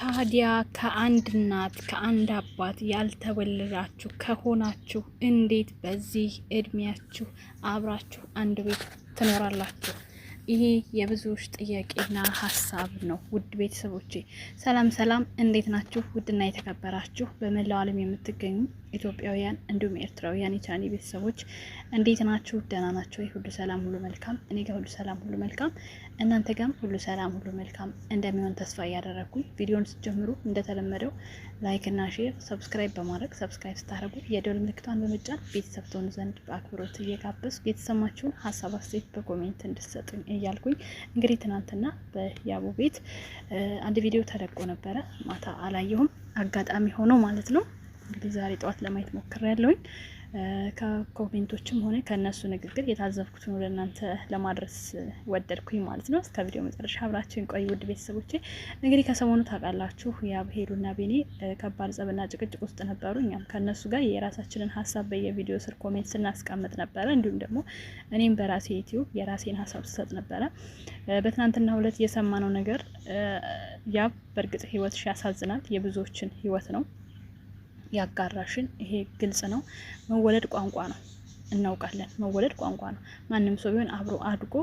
ታዲያ ከአንድ እናት ከአንድ አባት ያልተወለዳችሁ ከሆናችሁ እንዴት በዚህ እድሜያችሁ አብራችሁ አንድ ቤት ትኖራላችሁ? ይሄ የብዙዎች ጥያቄና ሀሳብ ነው። ውድ ቤተሰቦቼ ሰላም ሰላም፣ እንዴት ናችሁ? ውድና የተከበራችሁ በመላው ዓለም የምትገኙ ኢትዮጵያውያን እንዲሁም ኤርትራውያን የቻኔ ቤተሰቦች እንዴት ናችሁ? ደህና ናቸው? ሁሉ ሰላም ሁሉ መልካም፣ እኔ ጋር ሁሉ ሰላም ሁሉ መልካም እናንተ ጋም ሁሉ ሰላም ሁሉ መልካም እንደሚሆን ተስፋ እያደረግኩኝ ቪዲዮን ስትጀምሩ እንደተለመደው ላይክ እና ሼር፣ ሰብስክራይብ በማድረግ ሰብስክራይብ ስታደርጉ የደወል ምልክቷን በመጫን ቤተሰብ ትሆኑ ዘንድ በአክብሮት እየጋበዝኩ የተሰማችሁን ሀሳብ አስተያየት በኮሜንት እንድትሰጡኝ እያልኩኝ እንግዲህ ትናንትና በያቡ ቤት አንድ ቪዲዮ ተለቆ ነበረ። ማታ አላየሁም አጋጣሚ ሆኖ ማለት ነው። እንግዲህ ዛሬ ጠዋት ለማየት ሞክሬያለሁኝ። ከኮሜንቶችም ሆነ ከእነሱ ንግግር የታዘብኩትን ወደ እናንተ ለማድረስ ወደድኩኝ ማለት ነው። እስከ ቪዲዮ መጨረሻ አብራችን ቆይ። ውድ ቤተሰቦቼ እንግዲህ ከሰሞኑ ታውቃላችሁ የአብሄሉና ቤኔ ከባድ ጸብና ጭቅጭቅ ውስጥ ነበሩ። እኛም ከእነሱ ጋር የራሳችንን ሀሳብ በየቪዲዮ ስር ኮሜንት ስናስቀምጥ ነበረ። እንዲሁም ደግሞ እኔም በራሴ ዩቲዩብ የራሴን ሀሳብ ስሰጥ ነበረ። በትናንትና ሁለት የሰማነው ነገር ያ በእርግጥ ህይወት ያሳዝናል፣ የብዙዎችን ህይወት ነው ያጋራሽን። ይሄ ግልጽ ነው። መወለድ ቋንቋ ነው፣ እናውቃለን። መወለድ ቋንቋ ነው። ማንም ሰው ቢሆን አብሮ አድጎ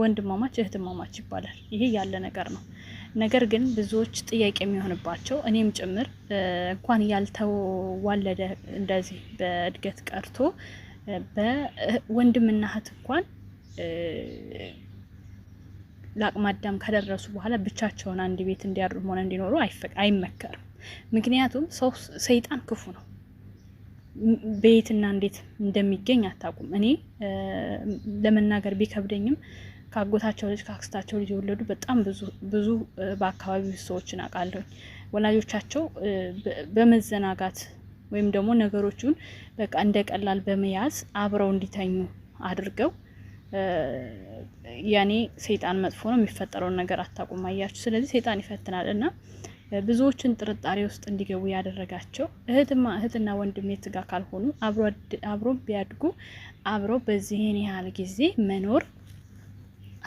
ወንድማማች እህትማማች ይባላል። ይሄ ያለ ነገር ነው። ነገር ግን ብዙዎች ጥያቄ የሚሆንባቸው እኔም ጭምር እንኳን ያልተዋለደ እንደዚህ በእድገት ቀርቶ በወንድምና እህት እንኳን ለአቅመ አዳም ከደረሱ በኋላ ብቻቸውን አንድ ቤት እንዲያድሩም ሆነ እንዲኖሩ አይመከርም። ምክንያቱም ሰው ሰይጣን ክፉ ነው። በየትና እንዴት እንደሚገኝ አታውቁም። እኔ ለመናገር ቢከብደኝም ከአጎታቸው ልጅ ከአክስታቸው ልጅ የወለዱ በጣም ብዙ በአካባቢው ሰዎችን አውቃለሁ። ወላጆቻቸው በመዘናጋት ወይም ደግሞ ነገሮቹን በቃ እንደ ቀላል በመያዝ አብረው እንዲተኙ አድርገው ያኔ ሰይጣን መጥፎ ነው የሚፈጠረውን ነገር አታውቁም። አያችሁ። ስለዚህ ሰይጣን ይፈትናል እና ብዙዎችን ጥርጣሬ ውስጥ እንዲገቡ ያደረጋቸው እህትማ እህትና ወንድም የት ጋር ካልሆኑ አብሮ ቢያድጉ አብሮ በዚህን ያህል ጊዜ መኖር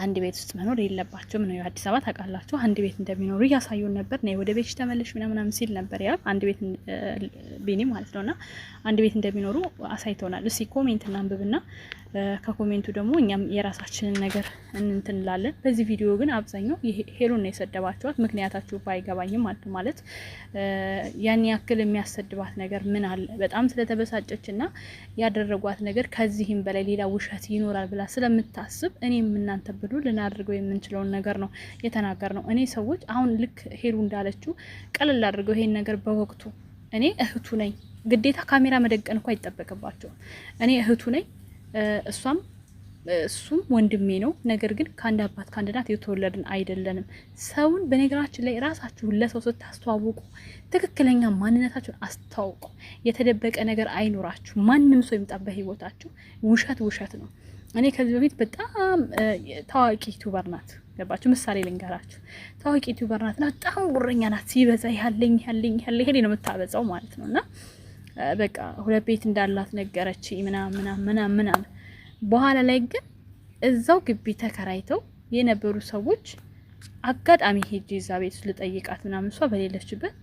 አንድ ቤት ውስጥ መኖር የለባቸውም ነው። አዲስ አበባ ታውቃላችሁ፣ አንድ ቤት እንደሚኖሩ እያሳዩን ነበር። ና ወደ ቤትሽ ተመለሽ ምናምናም ሲል ነበር ያ አንድ ቤት ቢኒ ማለት ነው። ና አንድ ቤት እንደሚኖሩ አሳይተውናል። እስኪ ኮሜንት እናንብብና ከኮሜንቱ ደግሞ እኛም የራሳችንን ነገር እንትን እንላለን። በዚህ ቪዲዮ ግን አብዛኛው ሄሉን ነው የሰደባቸዋት። ምክንያታችሁ ባይገባኝም ማለት ማለት ያን ያክል የሚያሰድባት ነገር ምን አለ? በጣም ስለተበሳጨች እና ያደረጓት ነገር ከዚህም በላይ ሌላ ውሸት ይኖራል ብላ ስለምታስብ እኔም እናንተ ብሉ ልናደርገው የምንችለውን ነገር ነው የተናገር ነው። እኔ ሰዎች አሁን ልክ ሄዱ እንዳለችው ቀለል አድርገው ይሄን ነገር በወቅቱ እኔ እህቱ ነኝ፣ ግዴታ ካሜራ መደቀን እኳ አይጠበቅባቸውም። እኔ እህቱ ነኝ፣ እሷም እሱም ወንድሜ ነው። ነገር ግን ከአንድ አባት ከአንድ እናት የተወለድን አይደለንም። ሰውን በነገራችን ላይ ራሳችሁ ለሰው ስታስተዋውቁ ትክክለኛ ማንነታችሁን አስተዋውቁ። የተደበቀ ነገር አይኖራችሁ። ማንም ሰው ይምጣ በህይወታችሁ፣ ውሸት ውሸት ነው። እኔ ከዚህ በፊት በጣም ታዋቂ ዩቱበር ናት፣ ገባችሁ? ምሳሌ ልንገራችሁ። ታዋቂ ዩቱበር ናት እና በጣም ጉረኛ ናት። ሲበዛ ያለኝ ያለኝ ያለ ይሄ ነው የምታበዛው ማለት ነው። እና በቃ ሁለት ቤት እንዳላት ነገረች ምናምን ምናምን ምናምን። በኋላ ላይ ግን እዛው ግቢ ተከራይተው የነበሩ ሰዎች አጋጣሚ ሄጄ እዛ ቤት ልጠይቃት ምናምን፣ እሷ በሌለችበት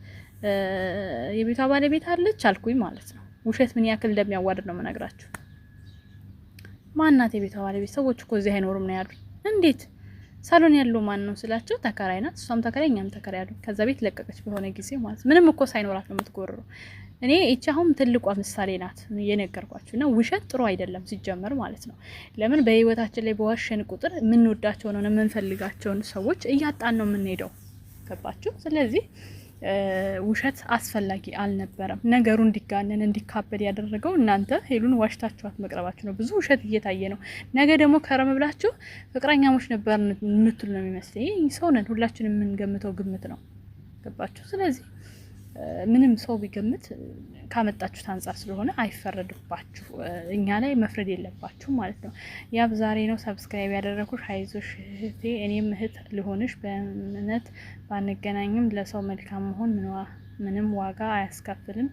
የቤቷ ባለቤት አለች አልኩኝ ማለት ነው። ውሸት ምን ያክል እንደሚያዋርድ ነው የምነግራችሁ። ማናት የቤቷ ባለቤት? ሰዎች እኮ እዚህ አይኖሩም ነው ያሉ? እንዴት ሳሎን ያለው ማን ነው ስላቸው፣ ተከራይ ናት። እሷም ተከራይ እኛም ተከራይ አሉ። ከዛ ቤት ለቀቀች በሆነ ጊዜ ማለት ምንም እኮ ሳይኖራት ነው የምትጎርረው። እኔ ይቺ አሁን ትልቋ ምሳሌ ናት የነገርኳችሁ። እና ውሸት ጥሩ አይደለም ሲጀመር ማለት ነው። ለምን በህይወታችን ላይ በዋሸን ቁጥር የምንወዳቸውን ሆነ የምንፈልጋቸውን ሰዎች እያጣን ነው የምንሄደው። ገባችሁ? ስለዚህ ውሸት አስፈላጊ አልነበረም። ነገሩ እንዲጋነን እንዲካበድ ያደረገው እናንተ ሄሉን ዋሽታችኋት መቅረባችሁ ነው። ብዙ ውሸት እየታየ ነው። ነገ ደግሞ ከረም ብላችሁ ፍቅረኛሞች ነበር የምትሉ ነው የሚመስለኝ። ሰው ነን ሁላችን የምንገምተው ግምት ነው። ገባችሁ? ስለዚህ ምንም ሰው ቢገምት ካመጣችሁት አንጻር ስለሆነ አይፈረድባችሁ፣ እኛ ላይ መፍረድ የለባችሁ ማለት ነው። ያብ ዛሬ ነው ሰብስክራይብ ያደረግኩሽ። አይዞሽ እህቴ፣ እኔም እህት ልሆንሽ። በእምነት ባንገናኝም ለሰው መልካም መሆን ምንዋ ምንም ዋጋ አያስከፍልም።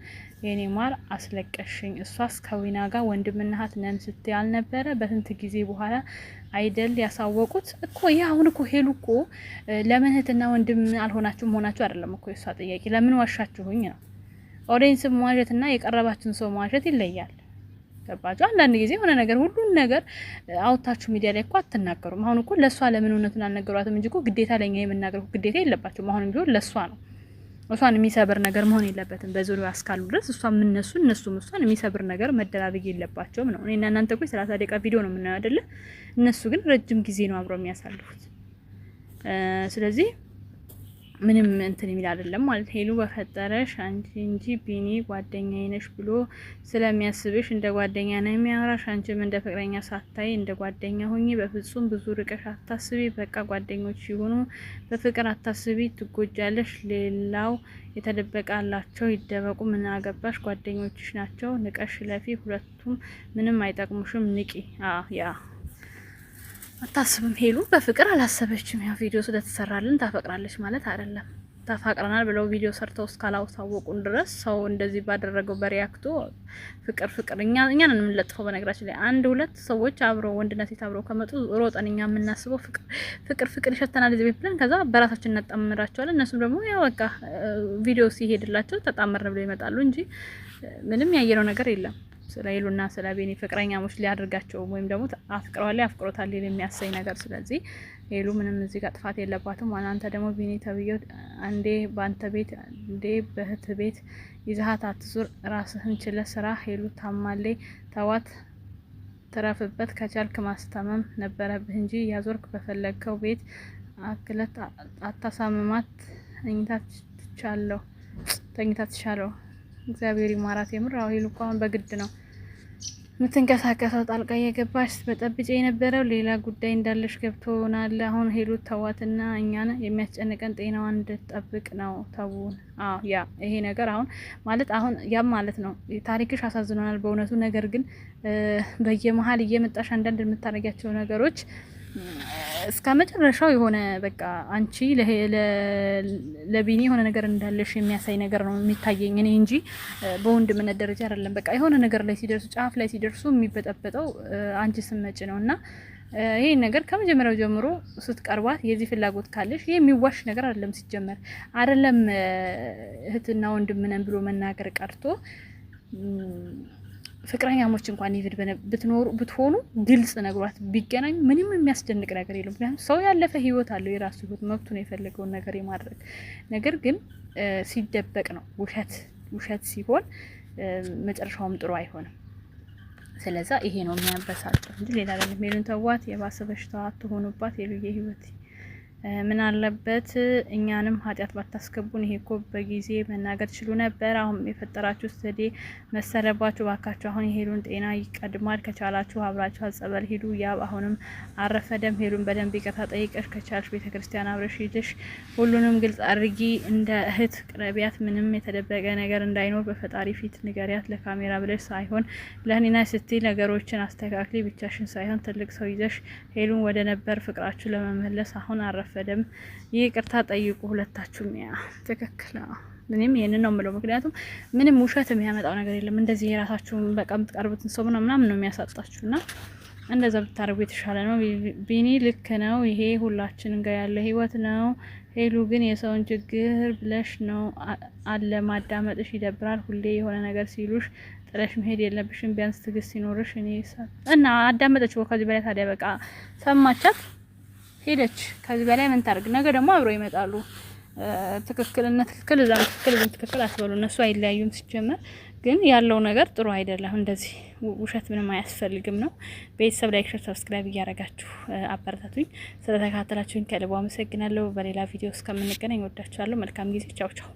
የኔ ማር አስለቀሽኝ። እሷስ ከዊና ጋር ወንድምና እህት ነን ስትይ አልነበረ? በስንት ጊዜ በኋላ አይደል ያሳወቁት እኮ። ይህ አሁን እኮ ሄሉ እኮ ለምን እህትና ወንድም አልሆናችሁም? ሆናችሁ አይደለም እኮ የእሷ ጥያቄ፣ ለምን ዋሻችሁኝ ነው። ኦዲየንስ መዋሸትና የቀረባችሁን ሰው መዋሸት ይለያል። ገባችሁ? አንዳንድ ጊዜ የሆነ ነገር ሁሉን ነገር አውታችሁ ሚዲያ ላይ እኮ አትናገሩም። አሁን እኮ ለእሷ ለምን እውነቱን አልነገሯትም እንጂ እኮ ግዴታ ለኛ የምናገር ግዴታ የለባችሁም። አሁንም ቢሆን ለእሷ ነው እሷን የሚሰብር ነገር መሆን የለበትም። በዙሪያ እስካሉ ድረስ እሷ እነሱ እነሱም እሷን የሚሰብር ነገር መደራረግ የለባቸውም ነው። እኔና እናንተ እኮ የሰላሳ ደቂቃ ቪዲዮ ነው የምናየው አይደለ? እነሱ ግን ረጅም ጊዜ ነው አብረው የሚያሳልፉት። ስለዚህ ምንም እንትን የሚል አይደለም ማለት ሄሉ በፈጠረሽ አንቺ እንጂ ቢኒ ጓደኛ ነሽ ብሎ ስለሚያስብሽ እንደ ጓደኛ ነው የሚያወራሽ። አንቺም እንደ ፍቅረኛ ሳታይ እንደ ጓደኛ ሆኚ። በፍጹም ብዙ ርቀሽ አታስቢ። በቃ ጓደኞች ሲሆኑ በፍቅር አታስቢ፣ ትጎጃለሽ። ሌላው የተደበቃላቸው ይደበቁ፣ ምን አገባሽ? ጓደኞችሽ ናቸው። ንቀሽ ለፊ ሁለቱም ምንም አይጠቅሙሽም። ንቂ ያ አታስብም ሄሉ በፍቅር አላሰበችም። ያው ቪዲዮ ስለተሰራልን ታፈቅራለች ማለት አይደለም። ተፋቅረናል ብለው ቪዲዮ ሰርተው እስካላወሳወቁን ድረስ ሰው እንደዚህ ባደረገው በሪያክቱ ፍቅር ፍቅር እኛን የምንለጥፈው። በነገራችን ላይ አንድ ሁለት ሰዎች አብረው ወንድና ሴት አብረው ከመጡ ሮጠን እኛ የምናስበው ፍቅር ፍቅር ፍቅር ይሸተናል እዚህ ቤት ብለን ከዛ በራሳችን እናጣምራቸዋለን። እነሱም ደግሞ ያ በቃ ቪዲዮ ሲሄድላቸው ተጣመርን ብለው ይመጣሉ እንጂ ምንም ያየነው ነገር የለም። ስለ ሄሉና ስለ ቤኒ ፍቅረኛሞች ሊያደርጋቸው ወይም ደግሞ አፍቅረዋ ላይ አፍቅሮታል የሚያሰኝ ነገር። ስለዚህ ሄሉ ምንም እዚህ ጋር ጥፋት የለባትም። አንተ ደግሞ ቤኒ ተብዬው አንዴ በአንተ ቤት እንዴ በእህት ቤት ይዛሀት አትዙር፣ ራስህን ችለ ስራ። ሄሉ ታማሌ ተዋት ትረፍበት። ከቻልክ ማስታመም ነበረብህ እንጂ ያዞርክ በፈለግከው ቤት አክለት አታሳምማት። ተኝታ ትቻለሁ ተኝታ ትቻለሁ እግዚአብሔር ይማራት። የምር ሄሉ እኮ አሁን በግድ ነው የምትንቀሳቀሰው። ጣልቃ እየገባች በጠብጬ የነበረው ሌላ ጉዳይ እንዳለሽ ገብቶናል። አሁን ሄሉ ተዋትና እኛን የሚያስጨንቀን ጤናዋን እንድትጠብቅ ነው። ተውን። አዎ ያ ይሄ ነገር አሁን ማለት አሁን ያም ማለት ነው። ታሪክሽ አሳዝኖናል በእውነቱ ነገር ግን በየመሀል እየመጣሽ አንዳንድ የምታደርጊያቸው ነገሮች እስከ መጨረሻው የሆነ በቃ አንቺ ለቢኒ የሆነ ነገር እንዳለሽ የሚያሳይ ነገር ነው የሚታየኝ እኔ እንጂ በወንድምነት ደረጃ አይደለም። በቃ የሆነ ነገር ላይ ሲደርሱ ጫፍ ላይ ሲደርሱ የሚበጠበጠው አንቺ ስመጭ ነው እና ይህን ነገር ከመጀመሪያው ጀምሮ ስትቀርባት የዚህ ፍላጎት ካለሽ የሚዋሽ ነገር አይደለም። ሲጀመር አይደለም እህትና ወንድም ብሎ መናገር ቀርቶ ፍቅረኛሞች እንኳን ይፍድ ብትኖሩ ብትሆኑ ግልጽ ነግሯት ቢገናኙ ምንም የሚያስደንቅ ነገር የለም። ምክንያቱም ሰው ያለፈ ህይወት አለው የራሱ ህይወት መብቱ ነው የፈለገውን ነገር የማድረግ ነገር ግን ሲደበቅ ነው ውሸት ውሸት ሲሆን መጨረሻውም ጥሩ አይሆንም። ስለዛ ይሄ ነው የሚያበሳጨው እንጂ ሌላ ሜሉን ተዋት፣ የባሰ በሽታ አትሆኑባት የሉየ ህይወት ምን አለበት እኛንም ኃጢአት ባታስገቡን። ይሄ እኮ በጊዜ መናገር ችሉ ነበር። አሁን የፈጠራችሁ ዘዴ መሰለባችሁ። ባካችሁ አሁን የሄሉን ጤና ይቀድማል። ከቻላችሁ አብራችሁ አጸበል ሂዱ። ያብ አሁንም ደም ሄሉን በደንብ ይቅርታ ጠይቀሽ ከቻልሽ ቤተ ክርስቲያን አብረሽ ሂደሽ ሁሉንም ግልጽ አድርጊ። እንደ እህት ቅረቢያት። ምንም የተደበቀ ነገር እንዳይኖር በፈጣሪ ፊት ንገሪያት። ለካሜራ ብለሽ ሳይሆን ለህኒና ስቲ ነገሮችን አስተካክሊ። ብቻሽን ሳይሆን ትልቅ ሰው ይዘሽ ሄሉን ወደ ነበር ፍቅራችሁ ለመመለስ አሁን አረፈ አልረፈደም። ይቅርታ ጠይቁ ሁለታችሁም። ያ ትክክል ነው። እኔም ይህንን ነው የምለው። ምክንያቱም ምንም ውሸት የሚያመጣው ነገር የለም። እንደዚህ የራሳችሁን በቃ የምትቀርቡትን ሰው ምናምን ነው የሚያሳጣችሁ እና እንደዛ ብታደርጉ የተሻለ ነው። ቢኒ ልክ ነው። ይሄ ሁላችን ጋር ያለ ህይወት ነው። ሄሉ ግን የሰውን ችግር ብለሽ ነው አለ ማዳመጥሽ ይደብራል። ሁሌ የሆነ ነገር ሲሉሽ ጥለሽ መሄድ የለብሽም። ቢያንስ ትግስት ሲኖርሽ እኔ እና አዳመጠች ከዚህ በላይ ታዲያ በቃ ሰማቻት። ሄደች። ከዚህ በላይ ምን ታርግ? ነገ ደግሞ አብረው ይመጣሉ። ትክክልና ትክክል እዛም ትክክል እዛም ትክክል አትበሉ። እነሱ አይለያዩም ሲጀመር። ግን ያለው ነገር ጥሩ አይደለም። እንደዚህ ውሸት ምንም አያስፈልግም ነው። ቤተሰብ ላይክ፣ ሼር፣ ሰብስክራይብ እያረጋችሁ አበረታቱኝ። ስለተከታተላችሁኝ ከልቦ አመሰግናለሁ። በሌላ ቪዲዮ እስከምንገናኝ ወዳችኋለሁ። መልካም ጊዜ። ቻው ቻው